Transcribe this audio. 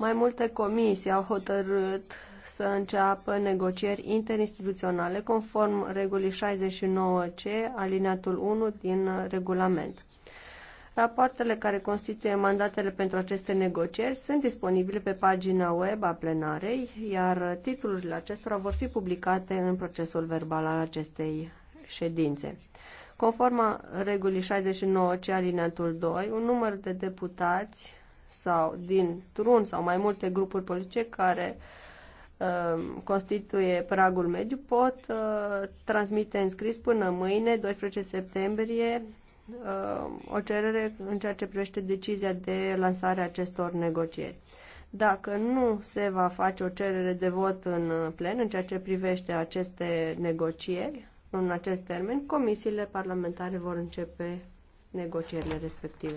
Mai multe comisii au hotărât să înceapă negocieri interinstituționale conform regulii 69C, alineatul 1 din regulament. Rapoartele care constituie mandatele pentru aceste negocieri sunt disponibile pe pagina web a plenarei, iar titlurile acestora vor fi publicate în procesul verbal al acestei ședințe. Conform regulii 69C alineatul 2, un număr de deputați sau dintr-un sau mai multe grupuri politice care uh, constituie pragul mediu pot uh, transmite în scris până mâine, 12 septembrie, uh, o cerere în ceea ce privește decizia de lansare acestor negocieri. Dacă nu se va face o cerere de vot în uh, plen în ceea ce privește aceste negocieri, în acest termen, comisiile parlamentare vor începe negocierile respective.